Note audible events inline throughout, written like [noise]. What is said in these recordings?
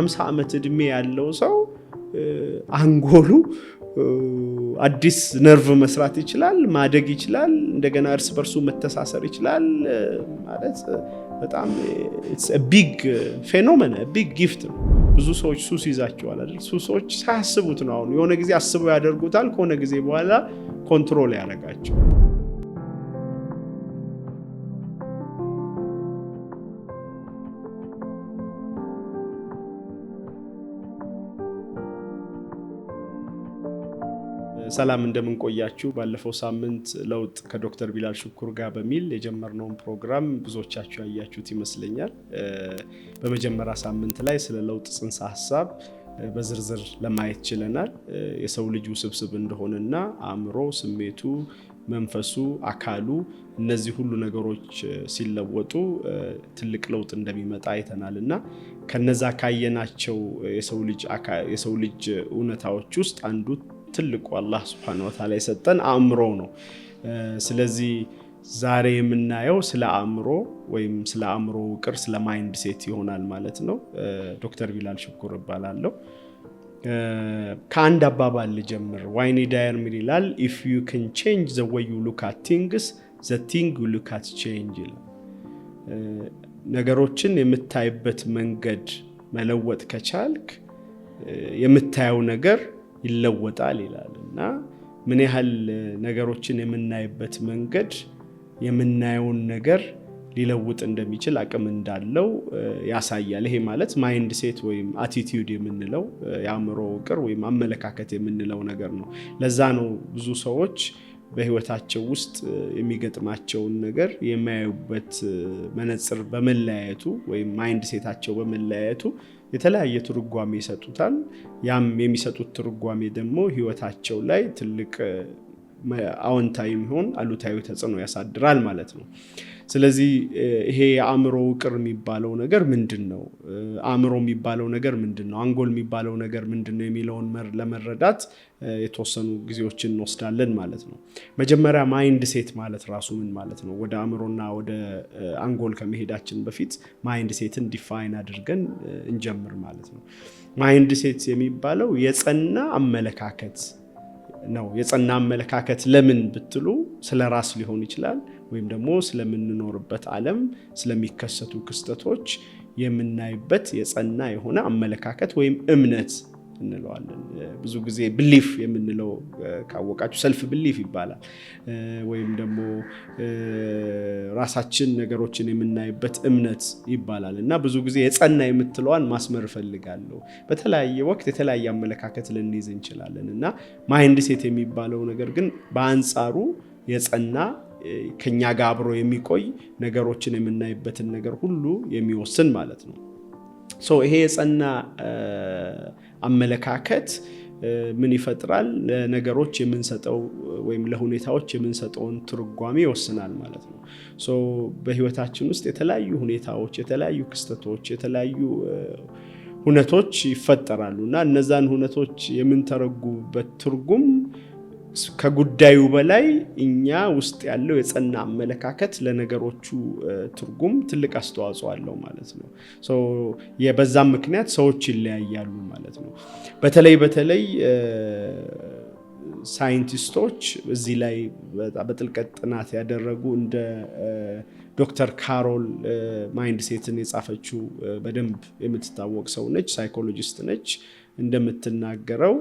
50 ዓመት እድሜ ያለው ሰው አንጎሉ አዲስ ነርቭ መስራት ይችላል፣ ማደግ ይችላል፣ እንደገና እርስ በርሱ መተሳሰር ይችላል። ማለት በጣም ቢግ ፌኖመን ቢግ ጊፍት ነው። ብዙ ሰዎች ሱስ ይዛቸዋል አይደል? ሱሶች ሳያስቡት ነው። አሁን የሆነ ጊዜ አስበው ያደርጉታል፣ ከሆነ ጊዜ በኋላ ኮንትሮል ያደርጋቸዋል። ሰላም እንደምንቆያችሁ። ባለፈው ሳምንት ለውጥ ከዶክተር ቢላል ሽኩር ጋር በሚል የጀመርነውን ፕሮግራም ብዙዎቻችሁ ያያችሁት ይመስለኛል። በመጀመሪያ ሳምንት ላይ ስለ ለውጥ ጽንሰ ሀሳብ በዝርዝር ለማየት ችለናል። የሰው ልጅ ውስብስብ እንደሆነና አእምሮ፣ ስሜቱ፣ መንፈሱ፣ አካሉ እነዚህ ሁሉ ነገሮች ሲለወጡ ትልቅ ለውጥ እንደሚመጣ አይተናል እና ከነዛ ካየናቸው የሰው ልጅ እውነታዎች ውስጥ አንዱ ትልቁ አላህ ስብሐነ ወተዓላ የሰጠን አእምሮ ነው። ስለዚህ ዛሬ የምናየው ስለ አእምሮ ወይም ስለ አእምሮ ውቅር ስለ ማይንድ ሴት ይሆናል ማለት ነው። ዶክተር ቢላል ሽኩር እባላለሁ። ከአንድ አባባል ልጀምር። ዋይኒ ዳየር ምን ይላል? ኢፍ ዩ ካን ቼንጅ ዘ ወይ ዩ ሉክ አት ቲንግስ ዘ ቲንግ ዩ ሉክ አት ቼንጅ ይላል። ነገሮችን የምታይበት መንገድ መለወጥ ከቻልክ የምታየው ነገር ይለወጣል ይላል እና ምን ያህል ነገሮችን የምናይበት መንገድ የምናየውን ነገር ሊለውጥ እንደሚችል አቅም እንዳለው ያሳያል። ይሄ ማለት ማይንድ ሴት ወይም አቲቲዩድ የምንለው የአእምሮ ውቅር ወይም አመለካከት የምንለው ነገር ነው። ለዛ ነው ብዙ ሰዎች በህይወታቸው ውስጥ የሚገጥማቸውን ነገር የሚያዩበት መነጽር በመለያየቱ ወይም ማይንድ ሴታቸው በመለያየቱ የተለያየ ትርጓሜ ይሰጡታል። ያም የሚሰጡት ትርጓሜ ደግሞ ህይወታቸው ላይ ትልቅ አዎንታዊ የሚሆን አሉታዊ ተጽዕኖ ያሳድራል ማለት ነው። ስለዚህ ይሄ የአእምሮ ውቅር የሚባለው ነገር ምንድን ነው? አእምሮ የሚባለው ነገር ምንድን ነው? አንጎል የሚባለው ነገር ምንድን ነው? የሚለውን ለመረዳት የተወሰኑ ጊዜዎችን እንወስዳለን ማለት ነው። መጀመሪያ ማይንድ ሴት ማለት ራሱ ምን ማለት ነው? ወደ አእምሮና ወደ አንጎል ከመሄዳችን በፊት ማይንድ ሴትን ዲፋይን አድርገን እንጀምር ማለት ነው። ማይንድ ሴት የሚባለው የጸና አመለካከት ነው የጸና አመለካከት ለምን ብትሉ ስለ ራስ ሊሆን ይችላል ወይም ደግሞ ስለምንኖርበት ዓለም ስለሚከሰቱ ክስተቶች የምናይበት የጸና የሆነ አመለካከት ወይም እምነት እንለዋለን። ብዙ ጊዜ ብሊፍ የምንለው ካወቃችሁ ሰልፍ ብሊፍ ይባላል። ወይም ደግሞ ራሳችን ነገሮችን የምናይበት እምነት ይባላል እና ብዙ ጊዜ የጸና የምትለዋን ማስመር እፈልጋለሁ። በተለያየ ወቅት የተለያየ አመለካከት ልንይዝ እንችላለን እና ማይንድ ሴት የሚባለው ነገር ግን በአንጻሩ የጸና ከኛ ጋር አብሮ የሚቆይ ነገሮችን የምናይበትን ነገር ሁሉ የሚወስን ማለት ነው። ይሄ የጸና አመለካከት ምን ይፈጥራል? ለነገሮች የምንሰጠው ወይም ለሁኔታዎች የምንሰጠውን ትርጓሜ ይወስናል ማለት ነው። ሶ በህይወታችን ውስጥ የተለያዩ ሁኔታዎች፣ የተለያዩ ክስተቶች፣ የተለያዩ ሁነቶች ይፈጠራሉ እና እነዛን ሁነቶች የምንተረጉበት ትርጉም ከጉዳዩ በላይ እኛ ውስጥ ያለው የጸና አመለካከት ለነገሮቹ ትርጉም ትልቅ አስተዋጽኦ አለው ማለት ነው። በዛም ምክንያት ሰዎች ይለያያሉ ማለት ነው። በተለይ በተለይ ሳይንቲስቶች እዚህ ላይ በጥልቀት ጥናት ያደረጉ እንደ ዶክተር ካሮል ማይንድ ሴትን የጻፈችው በደንብ የምትታወቅ ሰው ነች፣ ሳይኮሎጂስት ነች። እንደምትናገረው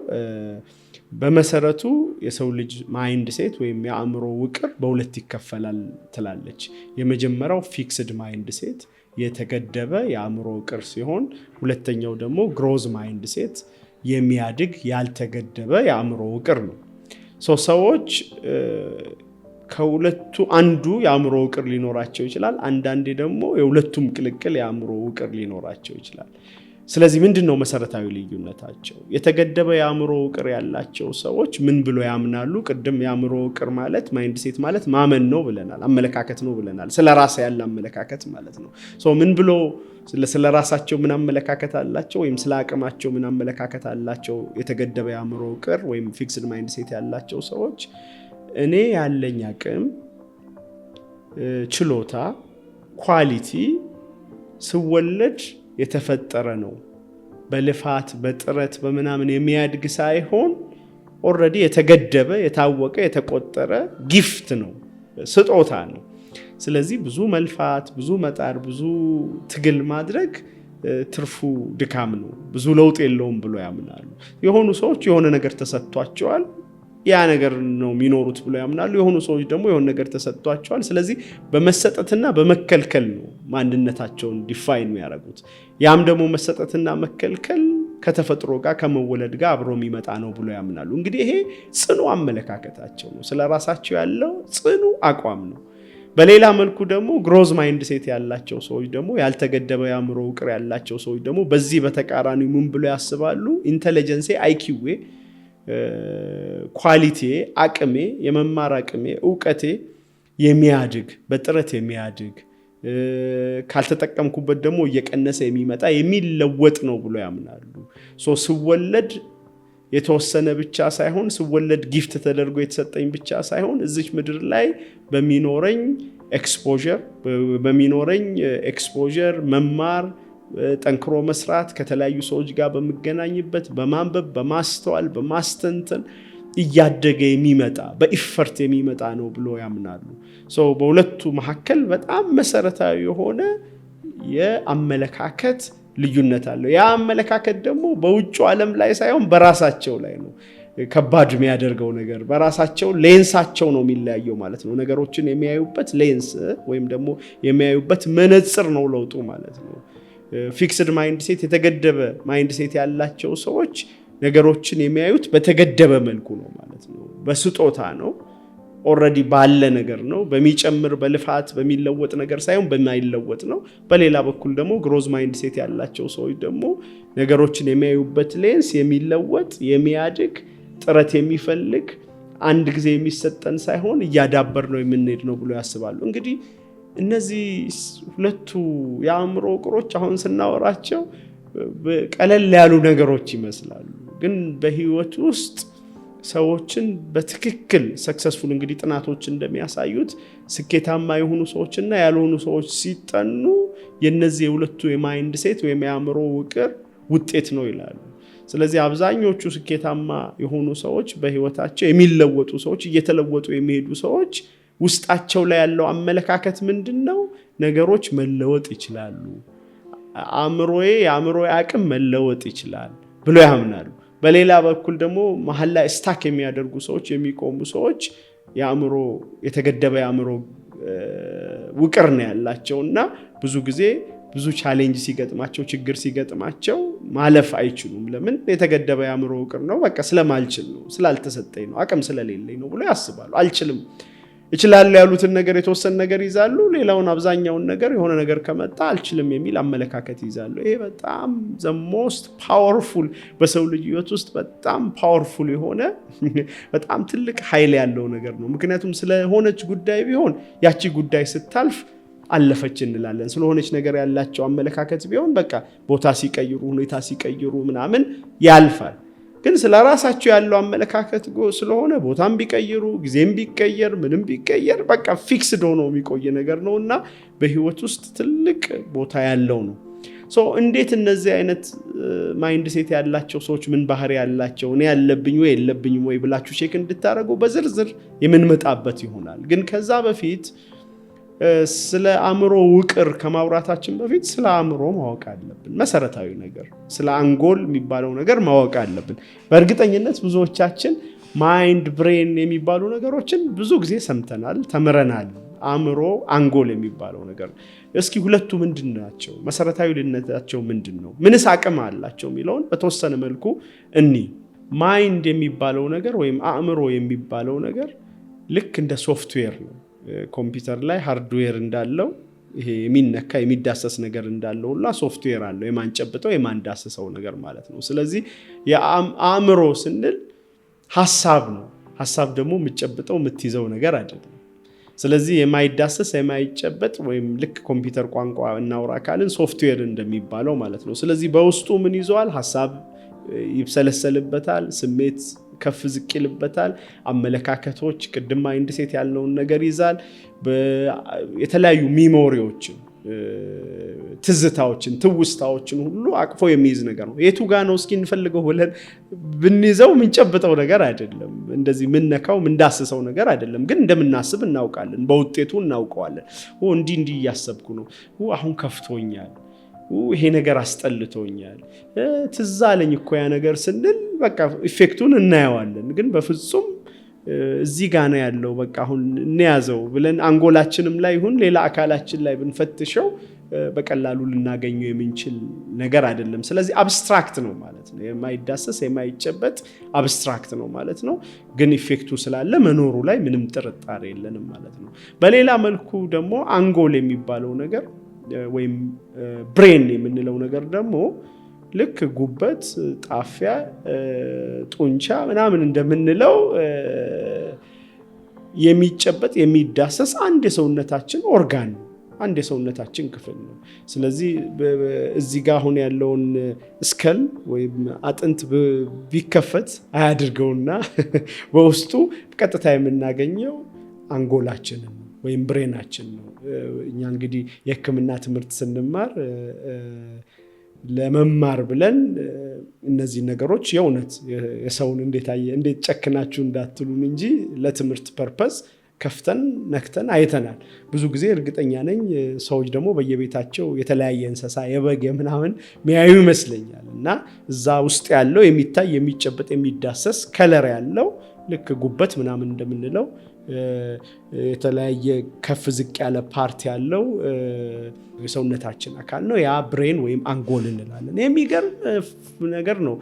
በመሰረቱ የሰው ልጅ ማይንድ ሴት ወይም የአእምሮ ውቅር በሁለት ይከፈላል ትላለች። የመጀመሪያው ፊክስድ ማይንድ ሴት የተገደበ የአእምሮ ውቅር ሲሆን፣ ሁለተኛው ደግሞ ግሮዝ ማይንድ ሴት የሚያድግ ያልተገደበ የአእምሮ ውቅር ነው። ሰዎች ከሁለቱ አንዱ የአእምሮ ውቅር ሊኖራቸው ይችላል። አንዳንዴ ደግሞ የሁለቱም ቅልቅል የአእምሮ ውቅር ሊኖራቸው ይችላል። ስለዚህ ምንድን ነው መሰረታዊ ልዩነታቸው? የተገደበ የአእምሮ ውቅር ያላቸው ሰዎች ምን ብሎ ያምናሉ? ቅድም የአእምሮ ውቅር ማለት ማይንድ ሴት ማለት ማመን ነው ብለናል፣ አመለካከት ነው ብለናል። ስለ ራስ ያለ አመለካከት ማለት ነው። ምን ብሎ ስለ ራሳቸው ምን አመለካከት አላቸው፣ ወይም ስለ አቅማቸው ምን አመለካከት አላቸው? የተገደበ የአእምሮ ውቅር ወይም ፊክስድ ማይንድ ሴት ያላቸው ሰዎች እኔ ያለኝ አቅም፣ ችሎታ፣ ኳሊቲ ስወለድ የተፈጠረ ነው። በልፋት በጥረት በምናምን የሚያድግ ሳይሆን ኦልሬዲ የተገደበ የታወቀ የተቆጠረ ጊፍት ነው፣ ስጦታ ነው። ስለዚህ ብዙ መልፋት፣ ብዙ መጣር፣ ብዙ ትግል ማድረግ ትርፉ ድካም ነው፣ ብዙ ለውጥ የለውም ብሎ ያምናሉ። የሆኑ ሰዎች የሆነ ነገር ተሰጥቷቸዋል ያ ነገር ነው የሚኖሩት ብሎ ያምናሉ። የሆኑ ሰዎች ደግሞ የሆን ነገር ተሰጥቷቸዋል። ስለዚህ በመሰጠትና በመከልከል ነው ማንነታቸውን ዲፋይን የሚያደረጉት ያም ደግሞ መሰጠትና መከልከል ከተፈጥሮ ጋር ከመወለድ ጋር አብሮ የሚመጣ ነው ብሎ ያምናሉ። እንግዲህ ይሄ ጽኑ አመለካከታቸው ነው፣ ስለ ራሳቸው ያለው ጽኑ አቋም ነው። በሌላ መልኩ ደግሞ ግሮዝ ማይንድ ሴት ያላቸው ሰዎች ደግሞ ያልተገደበ የአእምሮ ውቅር ያላቸው ሰዎች ደግሞ በዚህ በተቃራኒ ምን ብሎ ያስባሉ? ኢንቴሊጀንሴ አይኪዌ ኳሊቲ አቅሜ፣ የመማር አቅሜ፣ እውቀቴ የሚያድግ በጥረት የሚያድግ ካልተጠቀምኩበት ደግሞ እየቀነሰ የሚመጣ የሚለወጥ ነው ብሎ ያምናሉ። ስወለድ የተወሰነ ብቻ ሳይሆን ስወለድ ጊፍት ተደርጎ የተሰጠኝ ብቻ ሳይሆን እዚች ምድር ላይ በሚኖረኝ ኤክስፖር በሚኖረኝ ኤክስፖር መማር ጠንክሮ መስራት፣ ከተለያዩ ሰዎች ጋር በምገናኝበት በማንበብ በማስተዋል በማስተንተን እያደገ የሚመጣ በኢፈርት የሚመጣ ነው ብሎ ያምናሉ። በሁለቱ መካከል በጣም መሰረታዊ የሆነ የአመለካከት ልዩነት አለው። ያ አመለካከት ደግሞ በውጭ ዓለም ላይ ሳይሆን በራሳቸው ላይ ነው ከባድ የሚያደርገው ነገር። በራሳቸው ሌንሳቸው ነው የሚለያየው ማለት ነው። ነገሮችን የሚያዩበት ሌንስ ወይም ደግሞ የሚያዩበት መነጽር ነው ለውጡ ማለት ነው። ፊክስድ ማይንድ ሴት የተገደበ ማይንድ ሴት ያላቸው ሰዎች ነገሮችን የሚያዩት በተገደበ መልኩ ነው ማለት ነው። በስጦታ ነው፣ ኦረዲ ባለ ነገር ነው። በሚጨምር በልፋት በሚለወጥ ነገር ሳይሆን በማይለወጥ ነው። በሌላ በኩል ደግሞ ግሮዝ ማይንድ ሴት ያላቸው ሰዎች ደግሞ ነገሮችን የሚያዩበት ሌንስ የሚለወጥ የሚያድግ ጥረት የሚፈልግ አንድ ጊዜ የሚሰጠን ሳይሆን እያዳበር ነው የምንሄድ ነው ብሎ ያስባሉ እንግዲህ እነዚህ ሁለቱ የአእምሮ ውቅሮች አሁን ስናወራቸው ቀለል ያሉ ነገሮች ይመስላሉ፣ ግን በህይወት ውስጥ ሰዎችን በትክክል ሰክሰስፉል እንግዲህ ጥናቶች እንደሚያሳዩት ስኬታማ የሆኑ ሰዎችና ያልሆኑ ሰዎች ሲጠኑ የነዚህ የሁለቱ የማይንድ ሴት ወይም የአእምሮ ውቅር ውጤት ነው ይላሉ። ስለዚህ አብዛኞቹ ስኬታማ የሆኑ ሰዎች በህይወታቸው የሚለወጡ ሰዎች እየተለወጡ የሚሄዱ ሰዎች ውስጣቸው ላይ ያለው አመለካከት ምንድን ነው? ነገሮች መለወጥ ይችላሉ፣ አእምሮዬ የአእምሮ አቅም መለወጥ ይችላል ብሎ ያምናሉ። በሌላ በኩል ደግሞ መሀል ላይ ስታክ የሚያደርጉ ሰዎች የሚቆሙ ሰዎች የአእምሮ የተገደበ የአእምሮ ውቅር ነው ያላቸው እና ብዙ ጊዜ ብዙ ቻሌንጅ ሲገጥማቸው ችግር ሲገጥማቸው ማለፍ አይችሉም። ለምን? የተገደበ የአእምሮ ውቅር ነው። በቃ ስለማልችል ነው፣ ስላልተሰጠኝ ነው፣ አቅም ስለሌለኝ ነው ብሎ ያስባሉ። አልችልም ይችላሉ ያሉትን ነገር የተወሰነ ነገር ይዛሉ። ሌላውን አብዛኛውን ነገር የሆነ ነገር ከመጣ አልችልም የሚል አመለካከት ይዛሉ። ይሄ በጣም ዘሞስት ፓወርፉል በሰው ልጅ ውስጥ በጣም ፓወርፉል የሆነ [laughs] በጣም ትልቅ ሀይል ያለው ነገር ነው። ምክንያቱም ስለሆነች ጉዳይ ቢሆን ያቺ ጉዳይ ስታልፍ አለፈች እንላለን። ስለሆነች ነገር ያላቸው አመለካከት ቢሆን በቃ ቦታ ሲቀይሩ፣ ሁኔታ ሲቀይሩ ምናምን ያልፋል። ግን ስለ ራሳቸው ያለው አመለካከት ስለሆነ ቦታም ቢቀይሩ ጊዜም ቢቀየር ምንም ቢቀየር በቃ ፊክስድ ሆኖ የሚቆይ ነገር ነው እና በህይወት ውስጥ ትልቅ ቦታ ያለው ነው። እንዴት እነዚህ አይነት ማይንድ ሴት ያላቸው ሰዎች ምን ባህር ያላቸው እኔ ያለብኝ ወይ የለብኝም ወይ ብላችሁ ቼክ እንድታደረጉ በዝርዝር የምንመጣበት ይሆናል። ግን ከዛ በፊት ስለ አእምሮ ውቅር ከማውራታችን በፊት ስለ አእምሮ ማወቅ አለብን። መሰረታዊ ነገር ስለ አንጎል የሚባለው ነገር ማወቅ አለብን። በእርግጠኝነት ብዙዎቻችን ማይንድ ብሬን የሚባሉ ነገሮችን ብዙ ጊዜ ሰምተናል፣ ተምረናል። አእምሮ አንጎል የሚባለው ነገር እስኪ ሁለቱ ምንድን ናቸው? መሰረታዊ ልነታቸው ምንድን ነው? ምንስ አቅም አላቸው የሚለውን በተወሰነ መልኩ እኒ ማይንድ የሚባለው ነገር ወይም አእምሮ የሚባለው ነገር ልክ እንደ ሶፍትዌር ነው። ኮምፒውተር ላይ ሃርድዌር እንዳለው ይሄ የሚነካ የሚዳሰስ ነገር እንዳለው ሁላ ሶፍትዌር አለው የማንጨብጠው የማንዳሰሰው ነገር ማለት ነው። ስለዚህ የአእምሮ ስንል ሀሳብ ነው። ሀሳብ ደግሞ የምትጨብጠው የምትይዘው ነገር አይደለም። ስለዚህ የማይዳሰስ የማይጨበጥ ወይም ልክ ኮምፒውተር ቋንቋ እናውራ ካልን ሶፍትዌር እንደሚባለው ማለት ነው። ስለዚህ በውስጡ ምን ይዘዋል? ሀሳብ ይብሰለሰልበታል፣ ስሜት ከፍ ዝቅ ይልበታል። አመለካከቶች ቅድማ ማይንድ ሴት ያለውን ነገር ይዛል። የተለያዩ ሚሞሪዎችን፣ ትዝታዎችን፣ ትውስታዎችን ሁሉ አቅፎ የሚይዝ ነገር ነው። የቱ ጋ ነው እስኪ እንፈልገው ብለን ብንይዘው የምንጨብጠው ነገር አይደለም። እንደዚህ ምነካው ምንዳስሰው ነገር አይደለም። ግን እንደምናስብ እናውቃለን፣ በውጤቱ እናውቀዋለን። እንዲህ እንዲ እያሰብኩ ነው፣ አሁን ከፍቶኛል ይሄ ነገር አስጠልቶኛል፣ ትዝ አለኝ እኮ ያ ነገር ስንል በቃ ኢፌክቱን እናየዋለን። ግን በፍጹም እዚህ ጋ ነው ያለው፣ በቃ አሁን እንያዘው ብለን አንጎላችንም ላይ ይሁን ሌላ አካላችን ላይ ብንፈትሸው በቀላሉ ልናገኘው የምንችል ነገር አይደለም። ስለዚህ አብስትራክት ነው ማለት ነው፣ የማይዳሰስ የማይጨበጥ አብስትራክት ነው ማለት ነው። ግን ኢፌክቱ ስላለ መኖሩ ላይ ምንም ጥርጣሬ የለንም ማለት ነው። በሌላ መልኩ ደግሞ አንጎል የሚባለው ነገር ወይም ብሬን የምንለው ነገር ደግሞ ልክ ጉበት፣ ጣፊያ፣ ጡንቻ ምናምን እንደምንለው የሚጨበጥ የሚዳሰስ አንድ የሰውነታችን ኦርጋን ነው። አንድ የሰውነታችን ክፍል ነው። ስለዚህ እዚህ ጋር አሁን ያለውን እስከል ወይም አጥንት ቢከፈት አያድርገውና [laughs] በውስጡ ቀጥታ የምናገኘው አንጎላችንን ወይም ብሬናችን ነው። እኛ እንግዲህ የሕክምና ትምህርት ስንማር ለመማር ብለን እነዚህ ነገሮች የእውነት የሰውን እንዴት ጨክናችሁ እንዳትሉን እንጂ ለትምህርት ፐርፐስ ከፍተን ነክተን አይተናል። ብዙ ጊዜ እርግጠኛ ነኝ ሰዎች ደግሞ በየቤታቸው የተለያየ እንስሳ የበግ የምናምን ሚያዩ ይመስለኛል እና እዛ ውስጥ ያለው የሚታይ የሚጨበጥ የሚዳሰስ ከለር ያለው ልክ ጉበት ምናምን እንደምንለው የተለያየ ከፍ ዝቅ ያለ ፓርት ያለው የሰውነታችን አካል ነው። ያ ብሬን ወይም አንጎል እንላለን። የሚገርም ነገር ነው።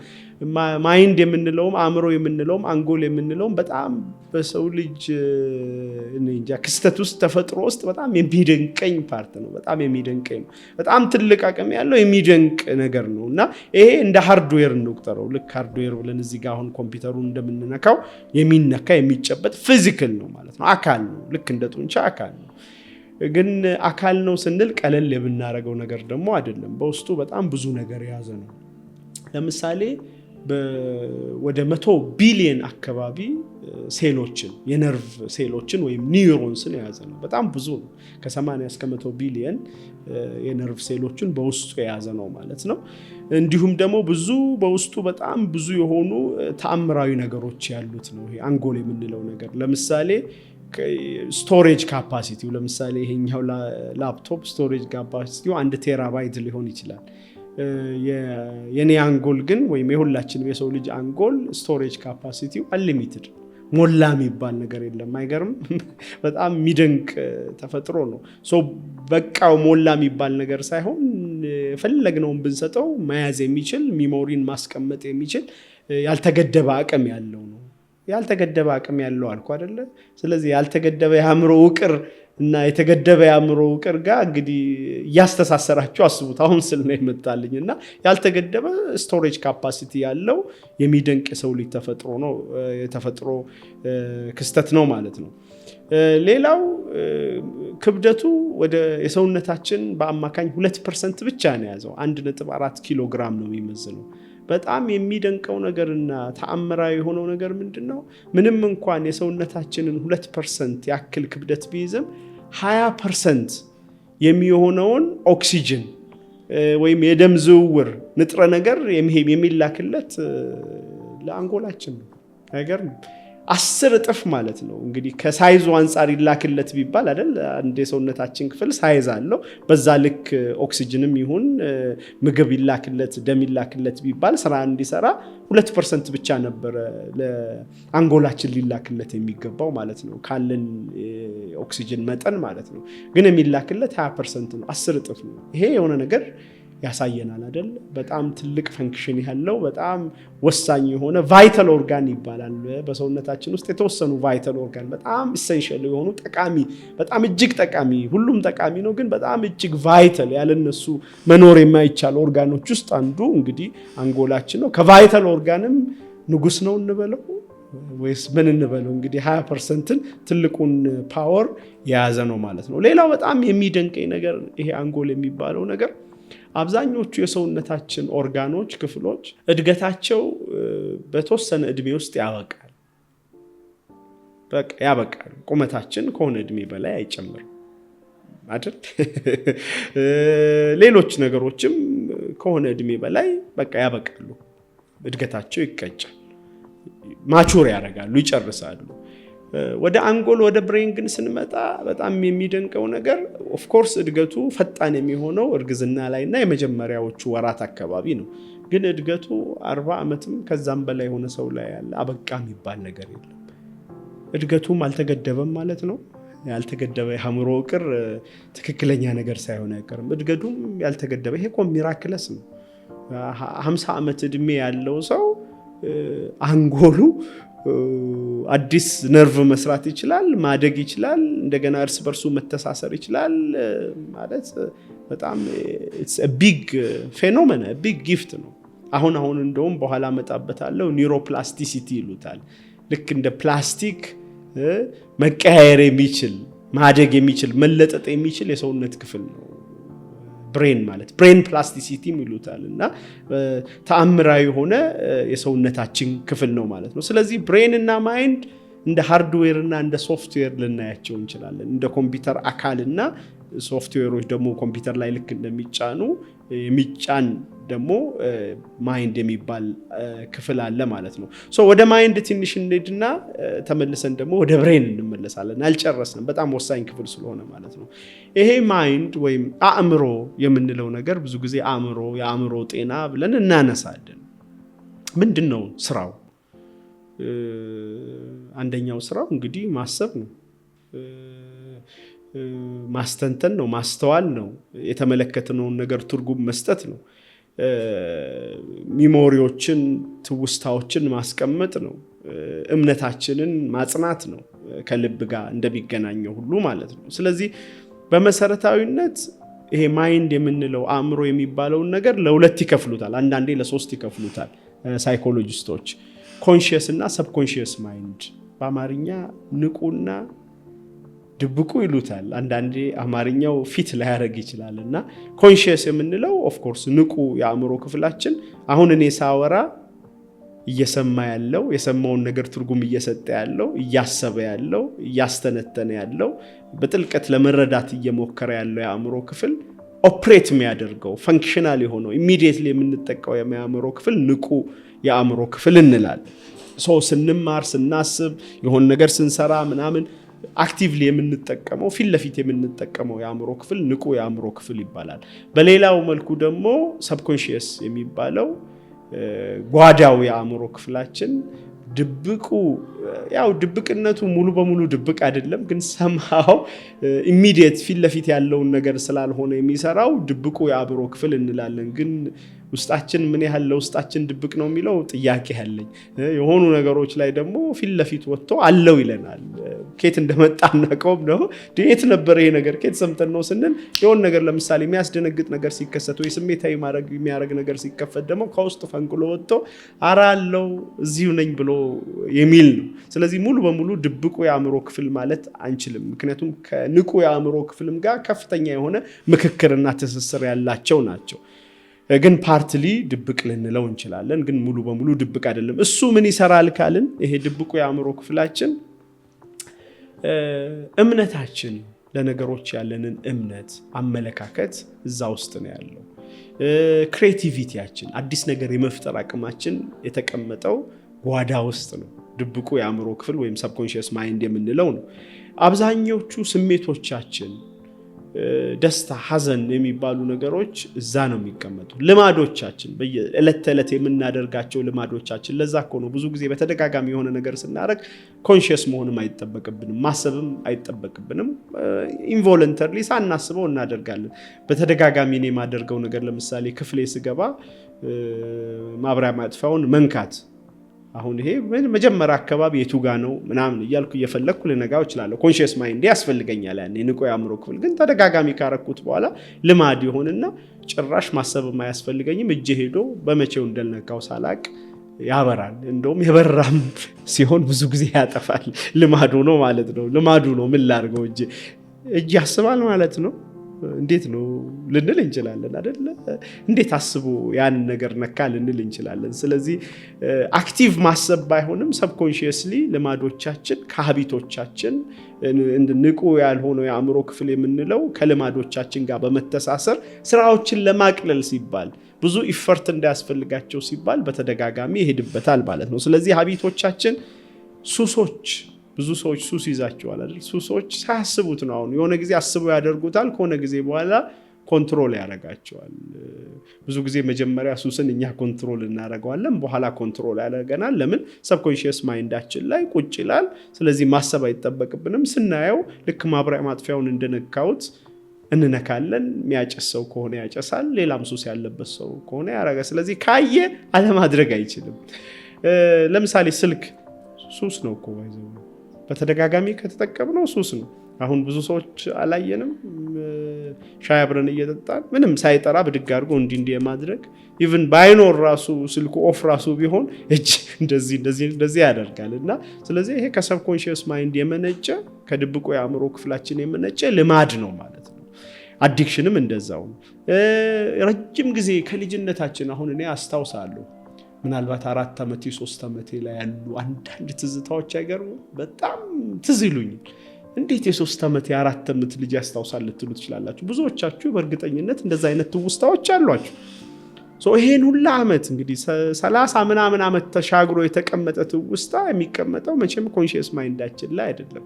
ማይንድ የምንለውም አእምሮ የምንለውም አንጎል የምንለውም በጣም በሰው ልጅ እንጃ ክስተት ውስጥ ተፈጥሮ ውስጥ በጣም የሚደንቀኝ ፓርት ነው። በጣም የሚደንቀኝ ነው። በጣም ትልቅ አቅም ያለው የሚደንቅ ነገር ነው እና ይሄ እንደ ሃርድዌር እንቁጠረው። ልክ ሃርድዌር ብለን እዚህ ጋር አሁን ኮምፒውተሩ እንደምንነካው የሚነካ የሚጨበጥ ፊዚክል ነው ማለት ነው። አካል ነው። ልክ እንደ ጡንቻ አካል ነው። ግን አካል ነው ስንል ቀለል የምናደርገው ነገር ደግሞ አይደለም። በውስጡ በጣም ብዙ ነገር የያዘ ነው። ለምሳሌ ወደ መቶ ቢሊየን አካባቢ ሴሎችን የነርቭ ሴሎችን ወይም ኒውሮንስን የያዘ ነው። በጣም ብዙ ነው። ከ80 እስከ መቶ ቢሊየን የነርቭ ሴሎችን በውስጡ የያዘ ነው ማለት ነው። እንዲሁም ደግሞ ብዙ በውስጡ በጣም ብዙ የሆኑ ተአምራዊ ነገሮች ያሉት ነው። ይሄ አንጎል የምንለው ነገር ለምሳሌ ስቶሬጅ ካፓሲቲው ለምሳሌ ይሄኛው ላፕቶፕ ስቶሬጅ ካፓሲቲው አንድ ቴራባይት ሊሆን ይችላል። የኔ አንጎል ግን ወይም የሁላችንም የሰው ልጅ አንጎል ስቶሬጅ ካፓሲቲው አንሊሚትድ ሞላ የሚባል ነገር የለም። አይገርም? [laughs] በጣም የሚደንቅ ተፈጥሮ ነው። በቃው ሞላ የሚባል ነገር ሳይሆን የፈለግነውን ብንሰጠው መያዝ የሚችል ሚሞሪን ማስቀመጥ የሚችል ያልተገደበ አቅም ያለው ነው። ያልተገደበ አቅም ያለው አልኩ አይደለ? ስለዚህ ያልተገደበ የአእምሮ ውቅር እና የተገደበ የአእምሮ ውቅር ጋር እንግዲህ እያስተሳሰራችሁ አስቡት። አሁን ስል ነው የመጣልኝ እና ያልተገደበ ስቶሬጅ ካፓሲቲ ያለው የሚደንቅ የሰው ልጅ ተፈጥሮ ነው የተፈጥሮ ክስተት ነው ማለት ነው። ሌላው ክብደቱ ወደ የሰውነታችን በአማካኝ ሁለት ፐርሰንት ብቻ ነው የያዘው። አንድ ነጥብ አራት ኪሎ ግራም ነው የሚመዝነው። በጣም የሚደንቀው ነገርና ተአምራዊ የሆነው ነገር ምንድን ነው? ምንም እንኳን የሰውነታችንን ሁለት ፐርሰንት ያክል ክብደት ቢይዝም ሀያ ፐርሰንት የሚሆነውን ኦክሲጅን ወይም የደም ዝውውር ንጥረ ነገር የሚላክለት ለአንጎላችን ነው። ነው አስር እጥፍ ማለት ነው። እንግዲህ ከሳይዙ አንጻር ይላክለት ቢባል አይደል አንድ የሰውነታችን ክፍል ሳይዝ አለው። በዛ ልክ ኦክሲጅንም ይሁን ምግብ ይላክለት፣ ደም ይላክለት ቢባል ስራ እንዲሰራ ሁለት ፐርሰንት ብቻ ነበረ ለአንጎላችን ሊላክለት የሚገባው ማለት ነው ካለን ኦክሲጅን መጠን ማለት ነው። ግን የሚላክለት ሀያ ፐርሰንት ነው። አስር እጥፍ ነው። ይሄ የሆነ ነገር ያሳየናል አደል በጣም ትልቅ ፈንክሽን ያለው በጣም ወሳኝ የሆነ ቫይታል ኦርጋን ይባላል። በሰውነታችን ውስጥ የተወሰኑ ቫይታል ኦርጋን በጣም ኢሰንሽል የሆኑ ጠቃሚ፣ በጣም እጅግ ጠቃሚ፣ ሁሉም ጠቃሚ ነው፣ ግን በጣም እጅግ ቫይታል ያለነሱ መኖር የማይቻል ኦርጋኖች ውስጥ አንዱ እንግዲህ አንጎላችን ነው። ከቫይታል ኦርጋንም ንጉስ ነው እንበለው ወይስ ምን እንበለው እንግዲህ 20 ፐርሰንትን ትልቁን ፓወር የያዘ ነው ማለት ነው። ሌላው በጣም የሚደንቀኝ ነገር ይሄ አንጎል የሚባለው ነገር አብዛኞቹ የሰውነታችን ኦርጋኖች፣ ክፍሎች እድገታቸው በተወሰነ እድሜ ውስጥ ያበቃል ያበቃል። ቁመታችን ከሆነ እድሜ በላይ አይጨምርም አይደል? ሌሎች ነገሮችም ከሆነ እድሜ በላይ በቃ ያበቃሉ። እድገታቸው ይቀጫል፣ ማቹር ያደርጋሉ፣ ይጨርሳሉ። ወደ አንጎል ወደ ብሬን ግን ስንመጣ በጣም የሚደንቀው ነገር ኦፍኮርስ እድገቱ ፈጣን የሚሆነው እርግዝና ላይ እና የመጀመሪያዎቹ ወራት አካባቢ ነው። ግን እድገቱ አርባ ዓመትም ከዛም በላይ የሆነ ሰው ላይ ያለ አበቃ የሚባል ነገር የለም። እድገቱም አልተገደበም ማለት ነው። ያልተገደበ የአእምሮ እቅር ትክክለኛ ነገር ሳይሆን አይቀርም። እድገቱም ያልተገደበ ይሄ ሚራክለስ ነው። ሀምሳ ዓመት እድሜ ያለው ሰው አንጎሉ አዲስ ነርቭ መስራት ይችላል፣ ማደግ ይችላል፣ እንደገና እርስ በርሱ መተሳሰር ይችላል። ማለት በጣም ቢግ ፌኖመና ቢግ ጊፍት ነው። አሁን አሁን እንደውም በኋላ መጣበታለው ኒውሮፕላስቲሲቲ ይሉታል። ልክ እንደ ፕላስቲክ መቀያየር የሚችል ማደግ የሚችል መለጠጥ የሚችል የሰውነት ክፍል ነው። ብሬን ማለት ብሬን ፕላስቲሲቲ ይሉታል እና ተአምራዊ የሆነ የሰውነታችን ክፍል ነው ማለት ነው። ስለዚህ ብሬን እና ማይንድ እንደ ሃርድዌር እና እንደ ሶፍትዌር ልናያቸው እንችላለን። እንደ ኮምፒውተር አካል እና ሶፍትዌሮች ደግሞ ኮምፒውተር ላይ ልክ እንደሚጫኑ የሚጫን ደግሞ ማይንድ የሚባል ክፍል አለ ማለት ነው። ወደ ማይንድ ትንሽ እንሂድና ተመልሰን ደግሞ ወደ ብሬን እንመለሳለን። አልጨረስንም፣ በጣም ወሳኝ ክፍል ስለሆነ ማለት ነው። ይሄ ማይንድ ወይም አእምሮ የምንለው ነገር ብዙ ጊዜ አእምሮ፣ የአእምሮ ጤና ብለን እናነሳለን። ምንድን ነው ስራው? አንደኛው ስራው እንግዲህ ማሰብ ነው። ማስተንተን ነው፣ ማስተዋል ነው፣ የተመለከትነውን ነገር ትርጉም መስጠት ነው፣ ሚሞሪዎችን ትውስታዎችን ማስቀመጥ ነው፣ እምነታችንን ማጽናት ነው፣ ከልብ ጋር እንደሚገናኘው ሁሉ ማለት ነው። ስለዚህ በመሰረታዊነት ይሄ ማይንድ የምንለው አእምሮ የሚባለውን ነገር ለሁለት ይከፍሉታል፣ አንዳንዴ ለሶስት ይከፍሉታል ሳይኮሎጂስቶች ኮንሽስ እና ሰብኮንሽስ ማይንድ በአማርኛ ንቁና ድብቁ ይሉታል። አንዳንዴ አማርኛው ፊት ላያደረግ ይችላል እና ኮንሽስ የምንለው ኦፍኮርስ ንቁ የአእምሮ ክፍላችን አሁን እኔ ሳወራ እየሰማ ያለው የሰማውን ነገር ትርጉም እየሰጠ ያለው እያሰበ ያለው እያስተነተነ ያለው በጥልቀት ለመረዳት እየሞከረ ያለው የአእምሮ ክፍል ኦፕሬት የሚያደርገው ፈንክሽናል የሆነው ኢሚዲየትሊ የምንጠቀው የአእምሮ ክፍል ንቁ የአእምሮ ክፍል እንላል። ሰው ስንማር ስናስብ የሆን ነገር ስንሰራ ምናምን አክቲቭሊ የምንጠቀመው ፊት ለፊት የምንጠቀመው የአእምሮ ክፍል ንቁ የአእምሮ ክፍል ይባላል። በሌላው መልኩ ደግሞ ሰብኮንሽየስ የሚባለው ጓዳው የአእምሮ ክፍላችን ድብቁ ያው ድብቅነቱ ሙሉ በሙሉ ድብቅ አይደለም፣ ግን ሰምሃው ኢሚዲየት ፊት ለፊት ያለውን ነገር ስላልሆነ የሚሰራው ድብቁ የአእምሮ ክፍል እንላለን ግን ውስጣችን ምን ያህል ለውስጣችን ድብቅ ነው የሚለው ጥያቄ ያለኝ። የሆኑ ነገሮች ላይ ደግሞ ፊት ለፊት ወጥቶ አለው ይለናል። ኬት እንደመጣ እናቀውም ነው የት ነበር ይሄ ነገር ኬት ሰምተን ነው ስንል የሆን ነገር ለምሳሌ የሚያስደነግጥ ነገር ሲከሰት ወይ ስሜታዊ የሚያደረግ ነገር ሲከፈት ደግሞ ከውስጥ ፈንቅሎ ወጥቶ አራ አለው እዚሁ ነኝ ብሎ የሚል ነው። ስለዚህ ሙሉ በሙሉ ድብቁ የአእምሮ ክፍል ማለት አንችልም። ምክንያቱም ከንቁ የአእምሮ ክፍልም ጋር ከፍተኛ የሆነ ምክክርና ትስስር ያላቸው ናቸው። ግን ፓርትሊ ድብቅ ልንለው እንችላለን፣ ግን ሙሉ በሙሉ ድብቅ አይደለም። እሱ ምን ይሰራል ካልን ይሄ ድብቁ የአእምሮ ክፍላችን እምነታችን፣ ለነገሮች ያለንን እምነት፣ አመለካከት እዛ ውስጥ ነው ያለው። ክሬቲቪቲያችን፣ አዲስ ነገር የመፍጠር አቅማችን የተቀመጠው ጓዳ ውስጥ ነው። ድብቁ የአእምሮ ክፍል ወይም ሰብኮንሽስ ማይንድ የምንለው ነው። አብዛኞቹ ስሜቶቻችን ደስታ፣ ሀዘን የሚባሉ ነገሮች እዛ ነው የሚቀመጡ። ልማዶቻችን እለት ተዕለት የምናደርጋቸው ልማዶቻችን። ለዛ ከሆነ ብዙ ጊዜ በተደጋጋሚ የሆነ ነገር ስናደርግ ኮንሽስ መሆንም አይጠበቅብንም፣ ማሰብም አይጠበቅብንም። ኢንቮለንተርሊ ሳናስበው እናደርጋለን። በተደጋጋሚ እኔ የማደርገው ነገር ለምሳሌ ክፍሌ ስገባ ማብሪያ ማጥፊያውን መንካት አሁን ይሄ ምን መጀመሪያ አካባቢ የቱጋ ነው ምናምን እያልኩ እየፈለግኩ ልነጋው እችላለሁ። ኮንሽስ ማይንድ ያስፈልገኛል። ያን ንቆ የአእምሮ ክፍል ግን ተደጋጋሚ ካረኩት በኋላ ልማድ ይሆንና ጭራሽ ማሰብ አያስፈልገኝም። እጄ ሄዶ በመቼው እንደልነጋው ሳላቅ ያበራል። እንደውም የበራም ሲሆን ብዙ ጊዜ ያጠፋል። ልማዱ ነው ማለት ነው። ልማዱ ነው ምን ላድርገው? እጄ እጄ ያስባል ማለት ነው። እንዴት ነው ልንል እንችላለን አይደለ? እንዴት አስቦ ያንን ነገር ነካ ልንል እንችላለን። ስለዚህ አክቲቭ ማሰብ ባይሆንም ሰብኮንሽስሊ ልማዶቻችን ከሀቢቶቻችን ንቁ ያልሆነው የአእምሮ ክፍል የምንለው ከልማዶቻችን ጋር በመተሳሰር ስራዎችን ለማቅለል ሲባል ብዙ ኢፈርት እንዳያስፈልጋቸው ሲባል በተደጋጋሚ ይሄድበታል ማለት ነው። ስለዚህ ሀቢቶቻችን ሱሶች ብዙ ሰዎች ሱስ ይዛቸዋል አይደል? ሱሶች ሳያስቡት ነው። አሁን የሆነ ጊዜ አስበው ያደርጉታል፣ ከሆነ ጊዜ በኋላ ኮንትሮል ያደርጋቸዋል። ብዙ ጊዜ መጀመሪያ ሱስን እኛ ኮንትሮል እናደርገዋለን፣ በኋላ ኮንትሮል ያደርገናል። ለምን ሰብኮንሽስ ማይንዳችን ላይ ቁጭ ይላል። ስለዚህ ማሰብ አይጠበቅብንም። ስናየው ልክ ማብሪያ ማጥፊያውን እንደነካሁት እንነካለን። የሚያጨስ ሰው ከሆነ ያጨሳል፣ ሌላም ሱስ ያለበት ሰው ከሆነ ያረገ። ስለዚህ ካየ አለማድረግ አይችልም። ለምሳሌ ስልክ ሱስ ነው እኮ በተደጋጋሚ ከተጠቀምነው ሱስ ነው። አሁን ብዙ ሰዎች አላየንም? ሻይ አብረን እየጠጣን ምንም ሳይጠራ ብድግ አድርጎ እንዲህ እንዲህ የማድረግ ኢቭን ባይኖር ራሱ ስልኩ ኦፍ ራሱ ቢሆን እጅ እንደዚህ እንደዚህ እንደዚህ ያደርጋል። እና ስለዚህ ይሄ ከሰብኮንሽስ ማይንድ የመነጨ ከድብቁ የአእምሮ ክፍላችን የመነጨ ልማድ ነው ማለት ነው። አዲክሽንም እንደዛው ረጅም ጊዜ ከልጅነታችን አሁን እኔ አስታውሳለሁ ምናልባት አራት ዓመቴ ሶስት ዓመቴ ላይ ያሉ አንዳንድ ትዝታዎች አይገርሙ? በጣም ትዝ ይሉኛል። እንዴት የሶስት ዓመት የአራት ዓመት ልጅ ያስታውሳል ልትሉ ትችላላችሁ። ብዙዎቻችሁ በእርግጠኝነት እንደዚ አይነት ትውስታዎች አሏችሁ። ይሄን ሁላ ዓመት እንግዲህ ሰላሳ ምናምን ዓመት ተሻግሮ የተቀመጠ ትውስታ የሚቀመጠው መቼም ኮንሽስ ማይንዳችን ላይ አይደለም።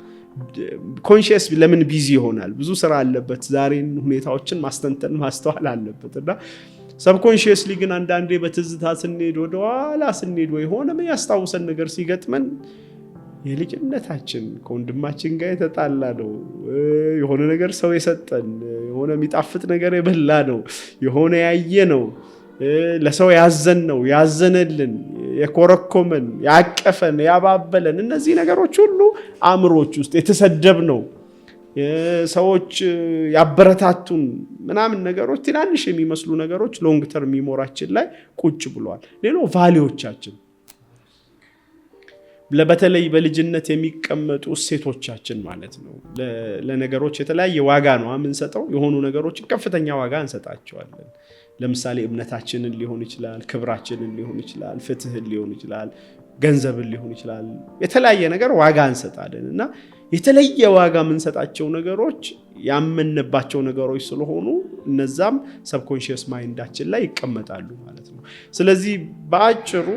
ኮንሽስ ለምን ቢዚ ይሆናል? ብዙ ስራ አለበት። ዛሬን ሁኔታዎችን ማስተንተን ማስተዋል አለበት እና ሰብኮንሽየስሊ ግን አንዳንዴ በትዝታ ስንሄድ ወደኋላ ስንሄድ ወይ ሆነ ያስታውሰን ነገር ሲገጥመን የልጅነታችን ከወንድማችን ጋር የተጣላ ነው፣ የሆነ ነገር ሰው የሰጠን፣ የሆነ የሚጣፍጥ ነገር የበላ ነው፣ የሆነ ያየ ነው፣ ለሰው ያዘን ነው፣ ያዘነልን፣ የኮረኮመን፣ ያቀፈን፣ ያባበለን እነዚህ ነገሮች ሁሉ አእምሮች ውስጥ የተሰደብ ነው ሰዎች ያበረታቱን ምናምን ነገሮች ትናንሽ የሚመስሉ ነገሮች ሎንግ ተርም ሚሞራችን ላይ ቁጭ ብለዋል። ሌሎ ቫሌዎቻችን በተለይ በልጅነት የሚቀመጡ እሴቶቻችን ማለት ነው። ለነገሮች የተለያየ ዋጋ ነው የምንሰጠው። የሆኑ ነገሮችን ከፍተኛ ዋጋ እንሰጣቸዋለን። ለምሳሌ እምነታችንን ሊሆን ይችላል፣ ክብራችንን ሊሆን ይችላል፣ ፍትህን ሊሆን ይችላል፣ ገንዘብን ሊሆን ይችላል። የተለያየ ነገር ዋጋ እንሰጣለን እና የተለየ ዋጋ የምንሰጣቸው ነገሮች ያመንባቸው ነገሮች ስለሆኑ እነዛም ሰብኮንሽስ ማይንዳችን ላይ ይቀመጣሉ ማለት ነው። ስለዚህ በአጭሩ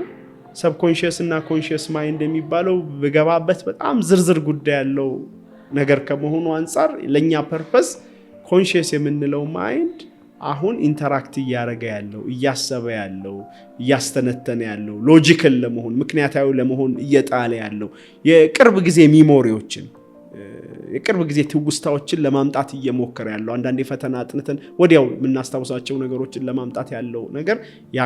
ሰብኮንሽስ እና ኮንሽስ ማይንድ የሚባለው በገባበት በጣም ዝርዝር ጉዳይ ያለው ነገር ከመሆኑ አንጻር ለእኛ ፐርፐስ ኮንሽስ የምንለው ማይንድ አሁን ኢንተራክት እያደረገ ያለው እያሰበ ያለው እያስተነተነ ያለው ሎጂካል ለመሆን ምክንያታዊ ለመሆን እየጣለ ያለው የቅርብ ጊዜ ሚሞሪዎችን የቅርብ ጊዜ ትውስታዎችን ለማምጣት እየሞከረ ያለው አንዳንድ የፈተና አጥንተን ወዲያው የምናስታውሳቸው ነገሮችን ለማምጣት ያለው ነገር ያ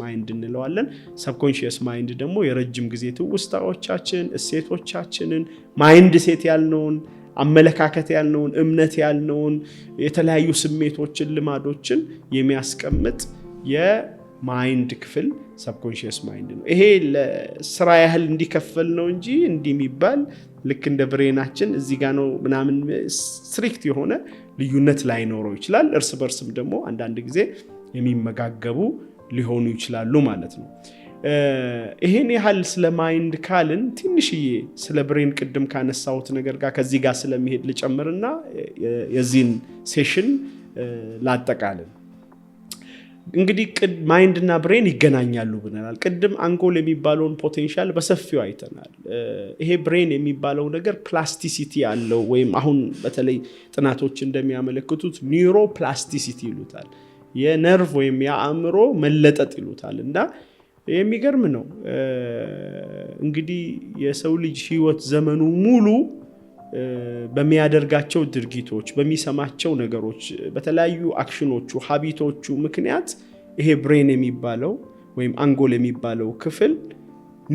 ማይንድ እንለዋለን። ሰብኮንሽስ ማይንድ ደግሞ የረጅም ጊዜ ትውስታዎቻችን፣ እሴቶቻችንን ማይንድ ሴት ያልነውን አመለካከት ያልነውን እምነት ያልነውን የተለያዩ ስሜቶችን፣ ልማዶችን የሚያስቀምጥ የማይንድ ክፍል ሰብኮንሽስ ማይንድ ነው። ይሄ ለስራ ያህል እንዲከፈል ነው እንጂ እንዲህ የሚባል ልክ እንደ ብሬናችን እዚህ ጋ ነው ምናምን ስትሪክት የሆነ ልዩነት ላይኖረው ይችላል። እርስ በርስም ደግሞ አንዳንድ ጊዜ የሚመጋገቡ ሊሆኑ ይችላሉ ማለት ነው። ይሄን ያህል ስለ ማይንድ ካልን ትንሽዬ ስለ ብሬን ቅድም ካነሳሁት ነገር ጋር ከዚህ ጋር ስለሚሄድ ልጨምርና የዚህን ሴሽን ላጠቃልን። እንግዲህ ማይንድ እና ብሬን ይገናኛሉ ብለናል። ቅድም አንጎል የሚባለውን ፖቴንሻል በሰፊው አይተናል። ይሄ ብሬን የሚባለው ነገር ፕላስቲሲቲ ያለው ወይም አሁን በተለይ ጥናቶች እንደሚያመለክቱት ኒውሮ ፕላስቲሲቲ ይሉታል። የነርቭ ወይም የአእምሮ መለጠጥ ይሉታል እና የሚገርም ነው። እንግዲህ የሰው ልጅ ህይወት ዘመኑ ሙሉ በሚያደርጋቸው ድርጊቶች፣ በሚሰማቸው ነገሮች፣ በተለያዩ አክሽኖቹ፣ ሀቢቶቹ ምክንያት ይሄ ብሬን የሚባለው ወይም አንጎል የሚባለው ክፍል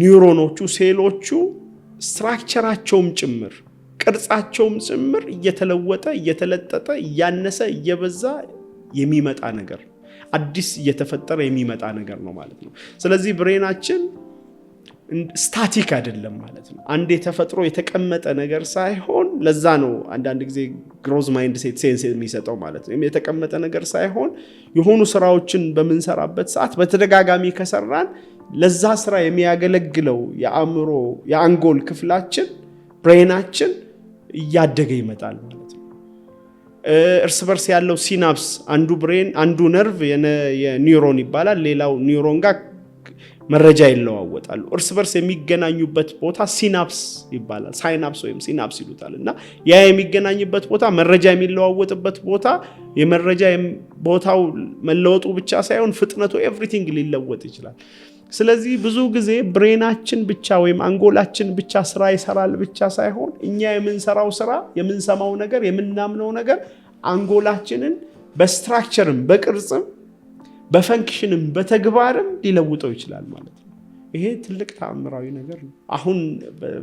ኒውሮኖቹ፣ ሴሎቹ ስትራክቸራቸውም ጭምር ቅርጻቸውም ጭምር እየተለወጠ እየተለጠጠ እያነሰ እየበዛ የሚመጣ ነገር አዲስ እየተፈጠረ የሚመጣ ነገር ነው ማለት ነው። ስለዚህ ብሬናችን ስታቲክ አይደለም ማለት ነው። አንድ የተፈጥሮ የተቀመጠ ነገር ሳይሆን ለዛ ነው አንዳንድ ጊዜ ግሮዝ ማይንድ ሴት ሴንስ የሚሰጠው ማለት ነው። የተቀመጠ ነገር ሳይሆን የሆኑ ስራዎችን በምንሰራበት ሰዓት በተደጋጋሚ ከሰራን ለዛ ስራ የሚያገለግለው የአእምሮ የአንጎል ክፍላችን ብሬናችን እያደገ ይመጣል ማለት ነው። እርስ በርስ ያለው ሲናፕስ አንዱ ብሬን አንዱ ነርቭ የኒውሮን ይባላል። ሌላው ኒውሮን ጋር መረጃ ይለዋወጣሉ። እርስ በርስ የሚገናኙበት ቦታ ሲናፕስ ይባላል። ሳይናፕስ ወይም ሲናፕስ ይሉታል። እና ያ የሚገናኝበት ቦታ መረጃ የሚለዋወጥበት ቦታ የመረጃ ቦታው መለወጡ ብቻ ሳይሆን ፍጥነቱ ኤቭሪቲንግ ሊለወጥ ይችላል። ስለዚህ ብዙ ጊዜ ብሬናችን ብቻ ወይም አንጎላችን ብቻ ስራ ይሰራል ብቻ ሳይሆን እኛ የምንሰራው ስራ፣ የምንሰማው ነገር፣ የምናምነው ነገር አንጎላችንን በስትራክቸርም፣ በቅርጽም፣ በፈንክሽንም በተግባርም ሊለውጠው ይችላል ማለት ነው። ይሄ ትልቅ ተአምራዊ ነገር ነው። አሁን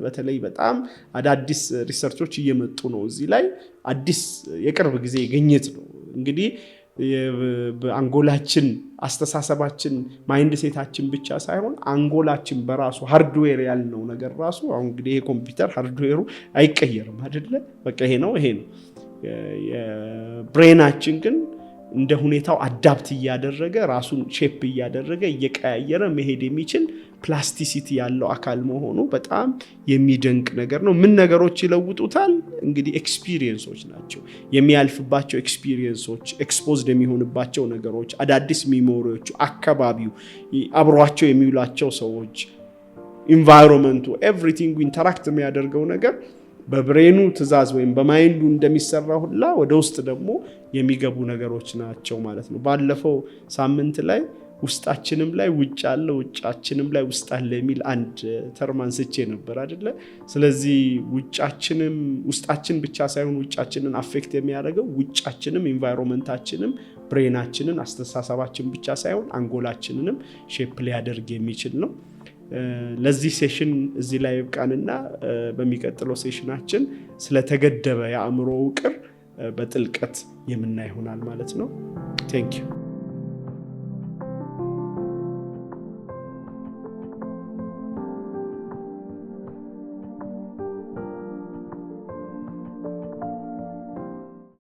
በተለይ በጣም አዳዲስ ሪሰርቾች እየመጡ ነው። እዚህ ላይ አዲስ የቅርብ ጊዜ ግኝት ነው እንግዲህ አንጎላችን አስተሳሰባችን ማይንድ ሴታችን ብቻ ሳይሆን አንጎላችን በራሱ ሃርድዌር ያልነው ነገር ራሱ አሁን እንግዲህ ይሄ ኮምፒውተር ሃርድዌሩ አይቀየርም አይደለ? በቃ ይሄ ነው ይሄ ነው። ብሬናችን ግን እንደ ሁኔታው አዳፕት እያደረገ ራሱን ሼፕ እያደረገ እየቀያየረ መሄድ የሚችል ፕላስቲሲቲ ያለው አካል መሆኑ በጣም የሚደንቅ ነገር ነው። ምን ነገሮች ይለውጡታል? እንግዲህ ኤክስፒሪየንሶች ናቸው። የሚያልፍባቸው ኤክስፒሪየንሶች፣ ኤክስፖዝድ የሚሆንባቸው ነገሮች፣ አዳዲስ ሚሞሪዎቹ፣ አካባቢው፣ አብሯቸው የሚውላቸው ሰዎች፣ ኢንቫይሮንመንቱ፣ ኤቭሪቲንግ ኢንተራክት የሚያደርገው ነገር በብሬኑ ትዕዛዝ ወይም በማይንዱ እንደሚሰራ ሁላ ወደ ውስጥ ደግሞ የሚገቡ ነገሮች ናቸው ማለት ነው። ባለፈው ሳምንት ላይ ውስጣችንም ላይ ውጭ አለ፣ ውጫችንም ላይ ውስጥ አለ የሚል አንድ ተርም አንስቼ ነበር አደለ ስለዚህ ውጫችንም ውስጣችን ብቻ ሳይሆን ውጫችንን አፌክት የሚያደርገው ውጫችንም፣ ኢንቫይሮንመንታችንም፣ ብሬናችንን፣ አስተሳሰባችን ብቻ ሳይሆን አንጎላችንንም ሼፕ ሊያደርግ የሚችል ነው። ለዚህ ሴሽን እዚህ ላይ ይብቃንና በሚቀጥለው ሴሽናችን ስለተገደበ የአእምሮ ውቅር በጥልቀት የምናይሆናል ማለት ነው። ቴንክ ዩ